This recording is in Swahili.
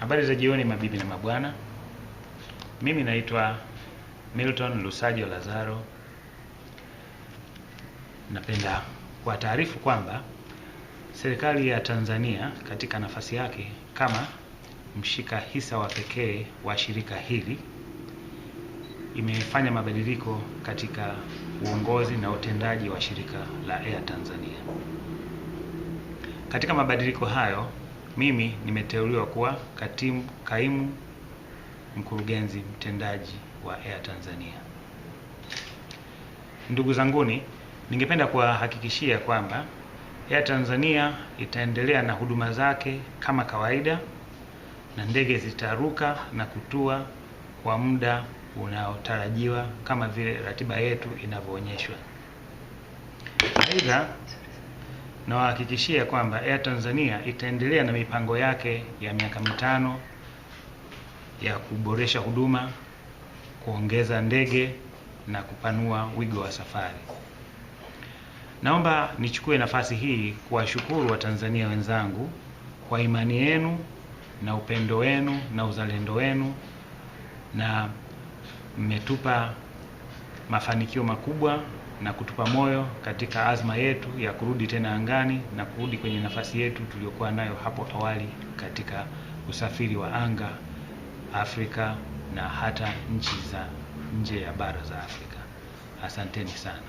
Habari za jioni mabibi na mabwana, mimi naitwa Milton Lusajo Lazaro. Napenda kwa taarifu kwamba serikali ya Tanzania katika nafasi yake kama mshika hisa wa pekee wa shirika hili imefanya mabadiliko katika uongozi na utendaji wa shirika la Air Tanzania. Katika mabadiliko hayo mimi nimeteuliwa kuwa katimu, kaimu mkurugenzi mtendaji wa Air Tanzania. Ndugu zanguni, ningependa kuwahakikishia kwamba Air Tanzania itaendelea na huduma zake kama kawaida na ndege zitaruka na kutua kwa muda unaotarajiwa kama vile ratiba yetu inavyoonyeshwa. Aidha, nawahakikishia kwamba Air Tanzania itaendelea na mipango yake ya miaka mitano ya kuboresha huduma, kuongeza ndege na kupanua wigo wa safari. Naomba nichukue nafasi hii kuwashukuru Watanzania wenzangu kwa imani yenu na upendo wenu na uzalendo wenu na mmetupa mafanikio makubwa na kutupa moyo katika azma yetu ya kurudi tena angani na kurudi kwenye nafasi yetu tuliyokuwa nayo hapo awali katika usafiri wa anga Afrika na hata nchi za nje ya bara za Afrika. Asanteni sana.